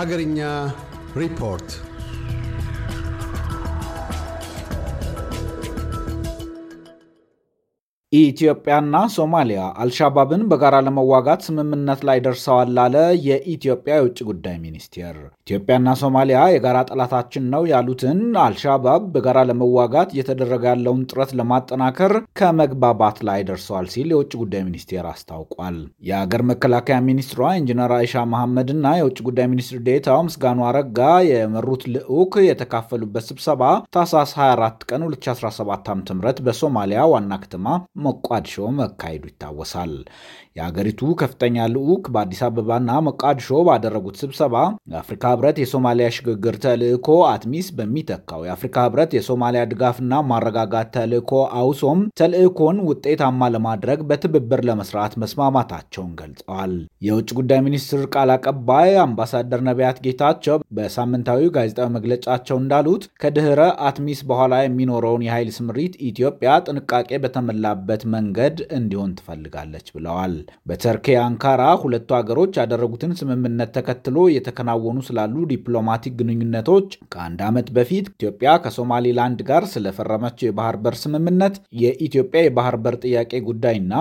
Hagarinya Report ኢትዮጵያና ሶማሊያ አልሻባብን በጋራ ለመዋጋት ስምምነት ላይ ደርሰዋል አለ የኢትዮጵያ የውጭ ጉዳይ ሚኒስቴር። ኢትዮጵያና ሶማሊያ የጋራ ጠላታችን ነው ያሉትን አልሻባብ በጋራ ለመዋጋት እየተደረገ ያለውን ጥረት ለማጠናከር ከመግባባት ላይ ደርሰዋል ሲል የውጭ ጉዳይ ሚኒስቴር አስታውቋል። የአገር መከላከያ ሚኒስትሯ ኢንጂነር አይሻ መሐመድ የውጭ ጉዳይ ሚኒስትር ዴታው ምስጋኑ አረጋ የመሩት ልዑክ የተካፈሉበት ስብሰባ ታህሳስ 24 ቀን 2017 ዓ.ም በሶማሊያ ዋና ከተማ ሞቃዲሾ መካሄዱ ይታወሳል። የአገሪቱ ከፍተኛ ልዑክ በአዲስ አበባና ሞቃዲሾ ባደረጉት ስብሰባ የአፍሪካ ህብረት የሶማሊያ ሽግግር ተልዕኮ አትሚስ በሚተካው የአፍሪካ ህብረት የሶማሊያ ድጋፍና ማረጋጋት ተልዕኮ አውሶም ተልዕኮን ውጤታማ ለማድረግ በትብብር ለመስራት መስማማታቸውን ገልጸዋል። የውጭ ጉዳይ ሚኒስትር ቃል አቀባይ አምባሳደር ነቢያት ጌታቸው በሳምንታዊ ጋዜጣዊ መግለጫቸው እንዳሉት ከድህረ አትሚስ በኋላ የሚኖረውን የኃይል ስምሪት ኢትዮጵያ ጥንቃቄ በተመላበት የሚገባበት መንገድ እንዲሆን ትፈልጋለች ብለዋል። በተርኬ አንካራ ሁለቱ ሀገሮች ያደረጉትን ስምምነት ተከትሎ የተከናወኑ ስላሉ ዲፕሎማቲክ ግንኙነቶች ከአንድ ዓመት በፊት ኢትዮጵያ ከሶማሊላንድ ጋር ስለፈረመችው የባህር በር ስምምነት፣ የኢትዮጵያ የባህር በር ጥያቄ ጉዳይና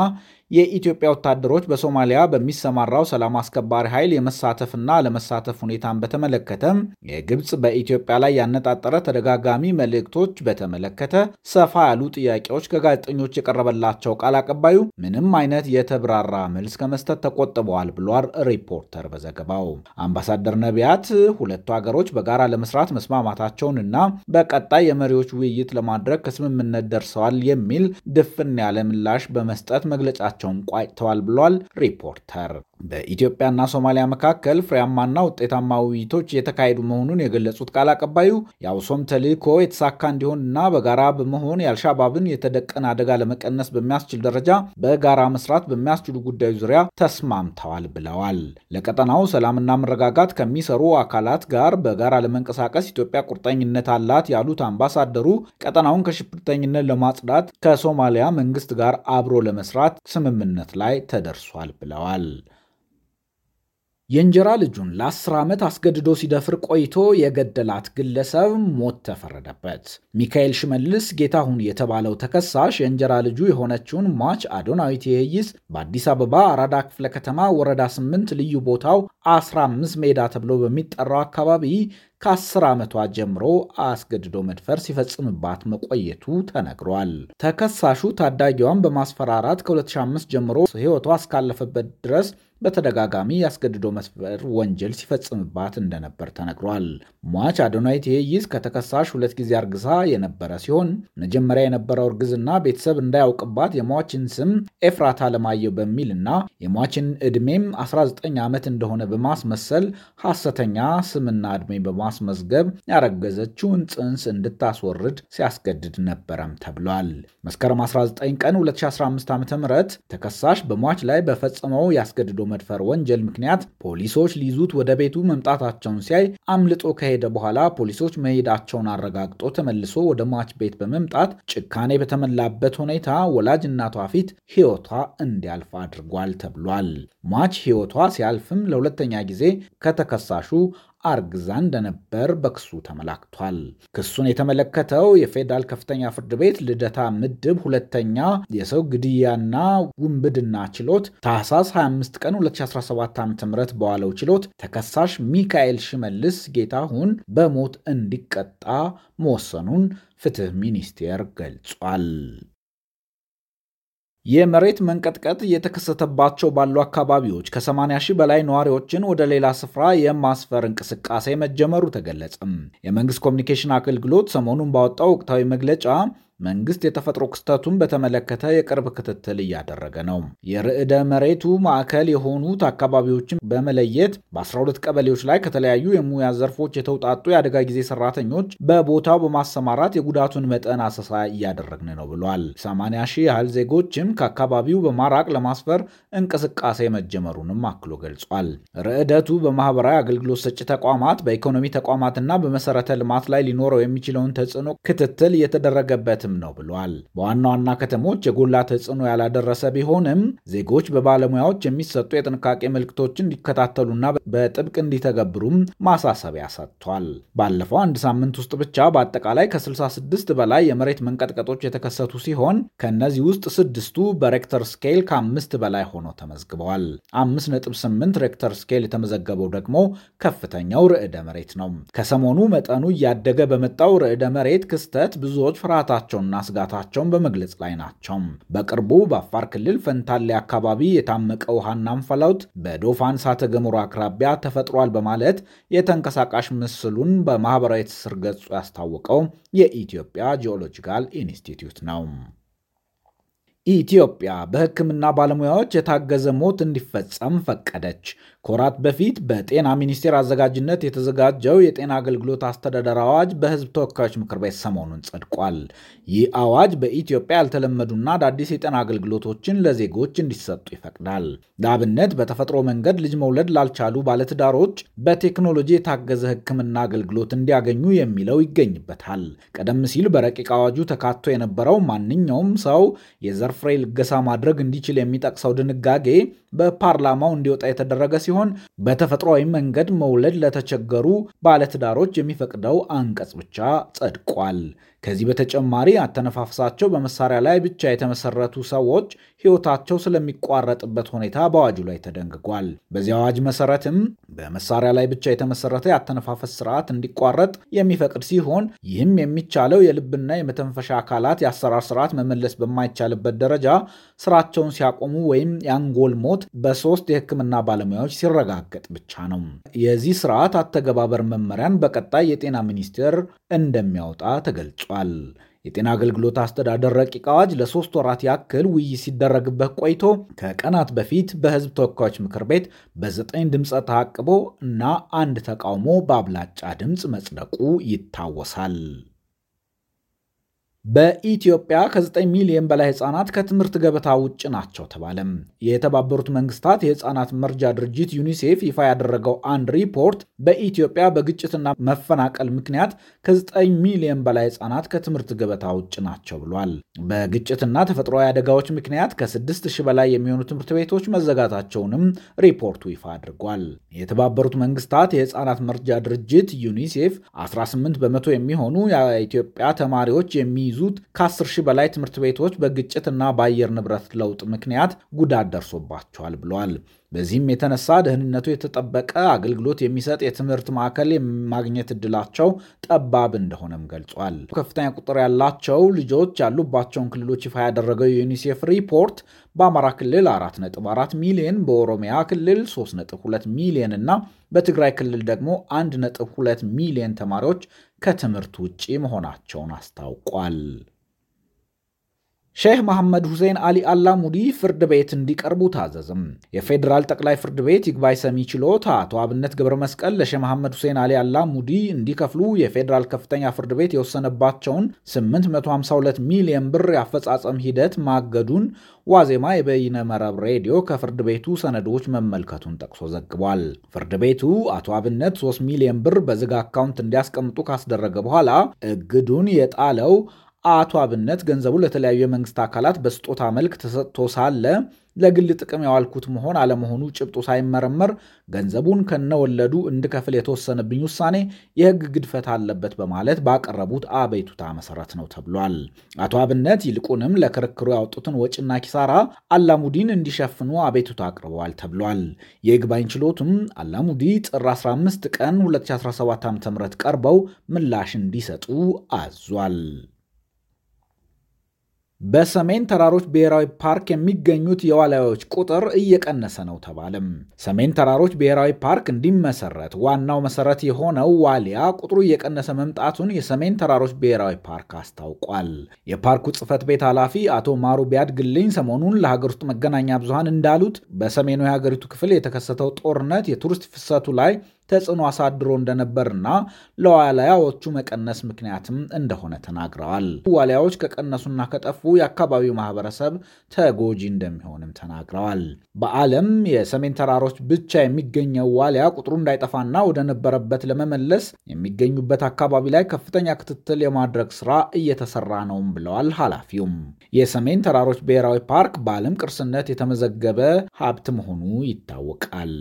የኢትዮጵያ ወታደሮች በሶማሊያ በሚሰማራው ሰላም አስከባሪ ኃይል የመሳተፍና ለመሳተፍ ሁኔታን በተመለከተ የግብፅ በኢትዮጵያ ላይ ያነጣጠረ ተደጋጋሚ መልእክቶች በተመለከተ ሰፋ ያሉ ጥያቄዎች ከጋዜጠኞች የቀረበላቸው ቃል አቀባዩ ምንም አይነት የተብራራ መልስ ከመስጠት ተቆጥበዋል ብሏል ሪፖርተር በዘገባው። አምባሳደር ነቢያት ሁለቱ ሀገሮች በጋራ ለመስራት መስማማታቸውን እና በቀጣይ የመሪዎች ውይይት ለማድረግ ከስምምነት ደርሰዋል የሚል ድፍን ያለ ምላሽ በመስጠት መግለጫ ውይይታቸውን ቋጭተዋል ብሏል ሪፖርተር። በኢትዮጵያና ሶማሊያ መካከል ፍሬያማና ውጤታማ ውይይቶች የተካሄዱ መሆኑን የገለጹት ቃል አቀባዩ የአውሶም ተልዕኮ የተሳካ እንዲሆንና በጋራ በመሆን የአልሻባብን የተደቀነ አደጋ ለመቀነስ በሚያስችል ደረጃ በጋራ መስራት በሚያስችሉ ጉዳዮች ዙሪያ ተስማምተዋል ብለዋል። ለቀጠናው ሰላምና መረጋጋት ከሚሰሩ አካላት ጋር በጋራ ለመንቀሳቀስ ኢትዮጵያ ቁርጠኝነት አላት ያሉት አምባሳደሩ ቀጠናውን ከሽብርተኝነት ለማጽዳት ከሶማሊያ መንግስት ጋር አብሮ ለመስራት ስም ስምምነት ላይ ተደርሷል ብለዋል። የእንጀራ ልጁን ለ10 ዓመት አስገድዶ ሲደፍር ቆይቶ የገደላት ግለሰብ ሞት ተፈረደበት። ሚካኤል ሽመልስ ጌታሁን የተባለው ተከሳሽ የእንጀራ ልጁ የሆነችውን ሟች አዶናዊት የይስ በአዲስ አበባ አራዳ ክፍለ ከተማ ወረዳ 8 ልዩ ቦታው 15 ሜዳ ተብሎ በሚጠራው አካባቢ ከ ከ10 ዓመቷ ጀምሮ አስገድዶ መድፈር ሲፈጽምባት መቆየቱ ተነግሯል። ተከሳሹ ታዳጊዋን በማስፈራራት ከ2005 ጀምሮ ህይወቷ እስካለፈበት ድረስ በተደጋጋሚ ያስገድዶ መስፈር ወንጀል ሲፈጽምባት እንደነበር ተነግሯል። ሟች አዶናይት ሄይዝ ከተከሳሽ ሁለት ጊዜ አርግዛ የነበረ ሲሆን መጀመሪያ የነበረው እርግዝና ቤተሰብ እንዳያውቅባት የሟችን ስም ኤፍራታ አለማየሁ እና የሟችን ዕድሜም 19 ዓመት እንደሆነ በማስመሰል ሐሰተኛ ስምና ዕድሜ በማስመዝገብ ያረገዘችውን ጽንስ እንድታስወርድ ሲያስገድድ ነበረም ተብሏል። መስከረም 19 ቀን 2015 ዓ ም ተከሳሽ በሟች ላይ በፈጸመው ያስገድዶ መድፈር ወንጀል ምክንያት ፖሊሶች ሊይዙት ወደ ቤቱ መምጣታቸውን ሲያይ አምልጦ ከሄደ በኋላ ፖሊሶች መሄዳቸውን አረጋግጦ ተመልሶ ወደ ሟች ቤት በመምጣት ጭካኔ በተሞላበት ሁኔታ ወላጅ እናቷ ፊት ሕይወቷ እንዲያልፍ አድርጓል ተብሏል። ሟች ሕይወቷ ሲያልፍም ለሁለተኛ ጊዜ ከተከሳሹ አርግዛ እንደነበር በክሱ ተመላክቷል። ክሱን የተመለከተው የፌዴራል ከፍተኛ ፍርድ ቤት ልደታ ምድብ ሁለተኛ የሰው ግድያና ውንብድና ችሎት ታህሳስ 25 ቀን 2017 ዓ.ም በዋለው ችሎት ተከሳሽ ሚካኤል ሽመልስ ጌታሁን በሞት እንዲቀጣ መወሰኑን ፍትህ ሚኒስቴር ገልጿል። የመሬት መንቀጥቀጥ እየተከሰተባቸው ባሉ አካባቢዎች ከ80 ሺህ በላይ ነዋሪዎችን ወደ ሌላ ስፍራ የማስፈር እንቅስቃሴ መጀመሩ ተገለጸም። የመንግስት ኮሚኒኬሽን አገልግሎት ሰሞኑን ባወጣው ወቅታዊ መግለጫ መንግስት የተፈጥሮ ክስተቱን በተመለከተ የቅርብ ክትትል እያደረገ ነው። የርዕደ መሬቱ ማዕከል የሆኑት አካባቢዎችን በመለየት በ12 ቀበሌዎች ላይ ከተለያዩ የሙያ ዘርፎች የተውጣጡ የአደጋ ጊዜ ሰራተኞች በቦታው በማሰማራት የጉዳቱን መጠን አሰሳ እያደረግን ነው ብሏል። 80 ሺህ ያህል ዜጎችም ከአካባቢው በማራቅ ለማስፈር እንቅስቃሴ መጀመሩንም አክሎ ገልጿል። ርዕደቱ በማህበራዊ አገልግሎት ሰጪ ተቋማት፣ በኢኮኖሚ ተቋማትና በመሰረተ ልማት ላይ ሊኖረው የሚችለውን ተጽዕኖ ክትትል እየተደረገበት ምክንያትም ነው ብሏል። በዋና ዋና ከተሞች የጎላ ተጽዕኖ ያላደረሰ ቢሆንም ዜጎች በባለሙያዎች የሚሰጡ የጥንቃቄ ምልክቶችን እንዲከታተሉና በጥብቅ እንዲተገብሩም ማሳሰቢያ ሰጥቷል። ባለፈው አንድ ሳምንት ውስጥ ብቻ በአጠቃላይ ከ66 በላይ የመሬት መንቀጥቀጦች የተከሰቱ ሲሆን ከእነዚህ ውስጥ ስድስቱ በሬክተር ስኬል ከአምስት በላይ ሆኖ ተመዝግበዋል። 5.8 ሬክተር ስኬል የተመዘገበው ደግሞ ከፍተኛው ርዕደ መሬት ነው። ከሰሞኑ መጠኑ እያደገ በመጣው ርዕደ መሬት ክስተት ብዙዎች ፍርሃታቸው ፍራቻቸውና ስጋታቸውን በመግለጽ ላይ ናቸው። በቅርቡ በአፋር ክልል ፈንታሌ አካባቢ የታመቀ ውሃና እንፋሎት በዶፋን እሳተ ገሞራ አቅራቢያ ተፈጥሯል በማለት የተንቀሳቃሽ ምስሉን በማህበራዊ ትስስር ገጹ ያስታወቀው የኢትዮጵያ ጂኦሎጂካል ኢንስቲትዩት ነው። ኢትዮጵያ በሕክምና ባለሙያዎች የታገዘ ሞት እንዲፈጸም ፈቀደች። ከወራት በፊት በጤና ሚኒስቴር አዘጋጅነት የተዘጋጀው የጤና አገልግሎት አስተዳደር አዋጅ በሕዝብ ተወካዮች ምክር ቤት ሰሞኑን ጸድቋል። ይህ አዋጅ በኢትዮጵያ ያልተለመዱና አዳዲስ የጤና አገልግሎቶችን ለዜጎች እንዲሰጡ ይፈቅዳል። ለአብነት በተፈጥሮ መንገድ ልጅ መውለድ ላልቻሉ ባለትዳሮች በቴክኖሎጂ የታገዘ ሕክምና አገልግሎት እንዲያገኙ የሚለው ይገኝበታል። ቀደም ሲል በረቂቅ አዋጁ ተካቶ የነበረው ማንኛውም ሰው የዘርፍ ፍሬ ልገሳ ማድረግ እንዲችል የሚጠቅሰው ድንጋጌ በፓርላማው እንዲወጣ የተደረገ ሲሆን በተፈጥሯዊ መንገድ መውለድ ለተቸገሩ ባለትዳሮች የሚፈቅደው አንቀጽ ብቻ ጸድቋል። ከዚህ በተጨማሪ አተነፋፍሳቸው በመሳሪያ ላይ ብቻ የተመሰረቱ ሰዎች ሕይወታቸው ስለሚቋረጥበት ሁኔታ በአዋጁ ላይ ተደንግጓል። በዚህ አዋጅ መሰረትም በመሳሪያ ላይ ብቻ የተመሰረተ የአተነፋፈስ ስርዓት እንዲቋረጥ የሚፈቅድ ሲሆን ይህም የሚቻለው የልብና የመተንፈሻ አካላት የአሰራር ስርዓት መመለስ በማይቻልበት ደረጃ ስራቸውን ሲያቆሙ ወይም የአንጎል ሞት በሶስት የሕክምና ባለሙያዎች ሲረጋገጥ ብቻ ነው። የዚህ ስርዓት አተገባበር መመሪያን በቀጣይ የጤና ሚኒስቴር እንደሚያወጣ ተገልጿል። ገልጿል። የጤና አገልግሎት አስተዳደር ረቂቅ አዋጅ ለሶስት ወራት ያክል ውይይት ሲደረግበት ቆይቶ ከቀናት በፊት በሕዝብ ተወካዮች ምክር ቤት በዘጠኝ ድምፀ ተአቅቦ እና አንድ ተቃውሞ በአብላጫ ድምፅ መጽደቁ ይታወሳል። በኢትዮጵያ ከ9 ሚሊዮን በላይ ህጻናት ከትምህርት ገበታ ውጭ ናቸው ተባለም። የተባበሩት መንግስታት የህጻናት መርጃ ድርጅት ዩኒሴፍ ይፋ ያደረገው አንድ ሪፖርት በኢትዮጵያ በግጭትና መፈናቀል ምክንያት ከ9 ሚሊዮን በላይ ህጻናት ከትምህርት ገበታ ውጭ ናቸው ብሏል። በግጭትና ተፈጥሯዊ አደጋዎች ምክንያት ከ 6000 በላይ የሚሆኑ ትምህርት ቤቶች መዘጋታቸውንም ሪፖርቱ ይፋ አድርጓል። የተባበሩት መንግስታት የህጻናት መርጃ ድርጅት ዩኒሴፍ 18 በመቶ የሚሆኑ የኢትዮጵያ ተማሪዎች የሚይዙ የሚይዙት ከ10 ሺህ በላይ ትምህርት ቤቶች በግጭትና በአየር ንብረት ለውጥ ምክንያት ጉዳት ደርሶባቸዋል ብለዋል። በዚህም የተነሳ ደህንነቱ የተጠበቀ አገልግሎት የሚሰጥ የትምህርት ማዕከል የማግኘት እድላቸው ጠባብ እንደሆነም ገልጿል። ከፍተኛ ቁጥር ያላቸው ልጆች ያሉባቸውን ክልሎች ይፋ ያደረገው የዩኒሴፍ ሪፖርት በአማራ ክልል 4.4 ሚሊዮን፣ በኦሮሚያ ክልል 3.2 ሚሊዮን እና በትግራይ ክልል ደግሞ 1.2 ሚሊዮን ተማሪዎች ከትምህርት ውጪ መሆናቸውን አስታውቋል። ሼህ መሐመድ ሁሴን አሊ አላሙዲ ፍርድ ቤት እንዲቀርቡ ታዘዝም። የፌዴራል ጠቅላይ ፍርድ ቤት ይግባይ ሰሚ ችሎት አቶ አብነት ገብረ መስቀል ለሼህ መሐመድ ሁሴን አሊ አላሙዲ እንዲከፍሉ የፌዴራል ከፍተኛ ፍርድ ቤት የወሰነባቸውን 852 ሚሊዮን ብር የአፈጻጸም ሂደት ማገዱን ዋዜማ የበይነ መረብ ሬዲዮ ከፍርድ ቤቱ ሰነዶች መመልከቱን ጠቅሶ ዘግቧል። ፍርድ ቤቱ አቶ አብነት 3 ሚሊዮን ብር በዝግ አካውንት እንዲያስቀምጡ ካስደረገ በኋላ እግዱን የጣለው አቶ አብነት ገንዘቡ ለተለያዩ የመንግስት አካላት በስጦታ መልክ ተሰጥቶ ሳለ ለግል ጥቅም ያዋልኩት መሆን አለመሆኑ ጭብጡ ሳይመረመር ገንዘቡን ከነወለዱ እንድከፍል የተወሰነብኝ ውሳኔ የህግ ግድፈት አለበት በማለት ባቀረቡት አቤቱታ መሰረት ነው ተብሏል። አቶ አብነት ይልቁንም ለክርክሩ ያወጡትን ወጪና ኪሳራ አላሙዲን እንዲሸፍኑ አቤቱታ አቅርበዋል ተብሏል። የይግባኝ ችሎቱም አላሙዲ ጥር 15 ቀን 2017 ም ቀርበው ምላሽ እንዲሰጡ አዟል። በሰሜን ተራሮች ብሔራዊ ፓርክ የሚገኙት የዋልያዎች ቁጥር እየቀነሰ ነው ተባለም። ሰሜን ተራሮች ብሔራዊ ፓርክ እንዲመሰረት ዋናው መሰረት የሆነው ዋልያ ቁጥሩ እየቀነሰ መምጣቱን የሰሜን ተራሮች ብሔራዊ ፓርክ አስታውቋል። የፓርኩ ጽህፈት ቤት ኃላፊ አቶ ማሩ ቢያድግልኝ ሰሞኑን ለሀገር ውስጥ መገናኛ ብዙሃን እንዳሉት በሰሜኑ የሀገሪቱ ክፍል የተከሰተው ጦርነት የቱሪስት ፍሰቱ ላይ ተጽዕኖ አሳድሮ እንደነበርና ለዋልያዎቹ መቀነስ ምክንያትም እንደሆነ ተናግረዋል። ዋልያዎች ከቀነሱና ከጠፉ የአካባቢው ማህበረሰብ ተጎጂ እንደሚሆንም ተናግረዋል። በዓለም የሰሜን ተራሮች ብቻ የሚገኘው ዋልያ ቁጥሩ እንዳይጠፋና ወደ ነበረበት ለመመለስ የሚገኙበት አካባቢ ላይ ከፍተኛ ክትትል የማድረግ ስራ እየተሰራ ነውም ብለዋል ኃላፊውም። የሰሜን ተራሮች ብሔራዊ ፓርክ በዓለም ቅርስነት የተመዘገበ ሀብት መሆኑ ይታወቃል።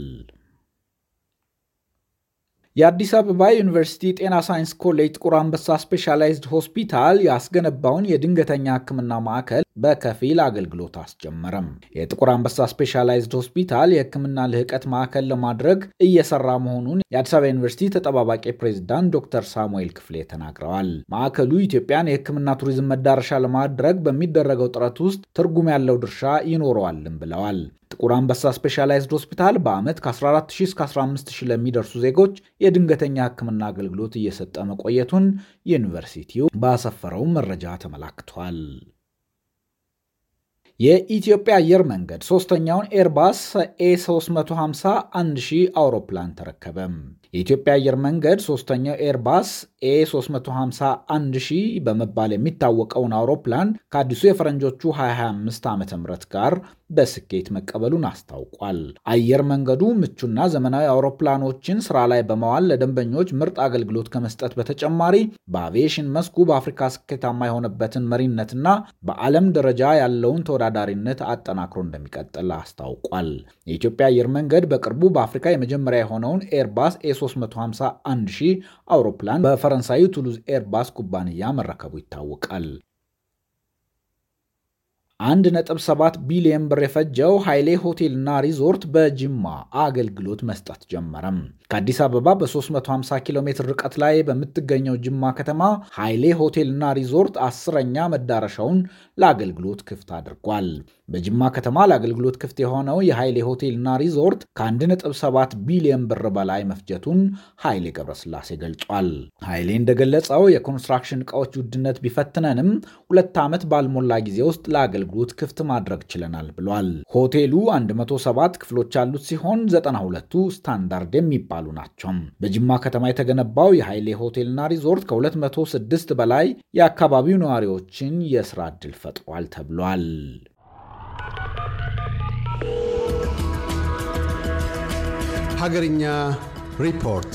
የአዲስ አበባ ዩኒቨርሲቲ ጤና ሳይንስ ኮሌጅ ጥቁር አንበሳ ስፔሻላይዝድ ሆስፒታል ያስገነባውን የድንገተኛ ሕክምና ማዕከል በከፊል አገልግሎት አስጀመረም። የጥቁር አንበሳ ስፔሻላይዝድ ሆስፒታል የሕክምና ልህቀት ማዕከል ለማድረግ እየሰራ መሆኑን የአዲስ አበባ ዩኒቨርሲቲ ተጠባባቂ ፕሬዚዳንት ዶክተር ሳሙኤል ክፍሌ ተናግረዋል። ማዕከሉ ኢትዮጵያን የሕክምና ቱሪዝም መዳረሻ ለማድረግ በሚደረገው ጥረት ውስጥ ትርጉም ያለው ድርሻ ይኖረዋልም ብለዋል። ጥቁር አንበሳ ስፔሻላይዝድ ሆስፒታል በዓመት ከ140 እስከ ለሚደርሱ ዜጎች የድንገተኛ ሕክምና አገልግሎት እየሰጠ መቆየቱን ዩኒቨርሲቲው ባሰፈረው መረጃ ተመላክቷል። የኢትዮጵያ አየር መንገድ ሶስተኛውን ኤርባስ ኤ350 1000 አውሮፕላን ተረከበም። የኢትዮጵያ አየር መንገድ ሶስተኛው ኤርባስ ኤ350 1000 በመባል የሚታወቀውን አውሮፕላን ከአዲሱ የፈረንጆቹ 2025 ም ጋር በስኬት መቀበሉን አስታውቋል። አየር መንገዱ ምቹና ዘመናዊ አውሮፕላኖችን ስራ ላይ በመዋል ለደንበኞች ምርጥ አገልግሎት ከመስጠት በተጨማሪ በአቪዬሽን መስኩ በአፍሪካ ስኬታማ የሆነበትን መሪነትና በዓለም ደረጃ ያለውን ተወዳዳሪነት አጠናክሮ እንደሚቀጥል አስታውቋል። የኢትዮጵያ አየር መንገድ በቅርቡ በአፍሪካ የመጀመሪያ የሆነውን ኤርባስ ኤ351 ሺህ አውሮፕላን በፈረንሳዩ ቱሉዝ ኤርባስ ኩባንያ መረከቡ ይታወቃል። 1.7 ቢሊዮን ብር የፈጀው ኃይሌ ሆቴልና ሪዞርት በጅማ አገልግሎት መስጠት ጀመረም። ከአዲስ አበባ በ350 ኪሎ ሜትር ርቀት ላይ በምትገኘው ጅማ ከተማ ኃይሌ ሆቴልና ሪዞርት አስረኛ መዳረሻውን ለአገልግሎት ክፍት አድርጓል። በጅማ ከተማ ለአገልግሎት ክፍት የሆነው የኃይሌ ሆቴልና ሪዞርት ከ1.7 ቢሊዮን ብር በላይ መፍጀቱን ኃይሌ ገብረስላሴ ገልጿል። ኃይሌ እንደገለጸው የኮንስትራክሽን እቃዎች ውድነት ቢፈትነንም ሁለት ዓመት ባልሞላ ጊዜ ውስጥ ለአገልግሎት አገልግሎት ክፍት ማድረግ ችለናል ብሏል። ሆቴሉ 107 ክፍሎች ያሉት ሲሆን 92ቱ ስታንዳርድ የሚባሉ ናቸው። በጅማ ከተማ የተገነባው የኃይሌ ሆቴልና ሪዞርት ከ206 በላይ የአካባቢው ነዋሪዎችን የስራ ዕድል ፈጥሯል ተብሏል። ሀገርኛ ሪፖርት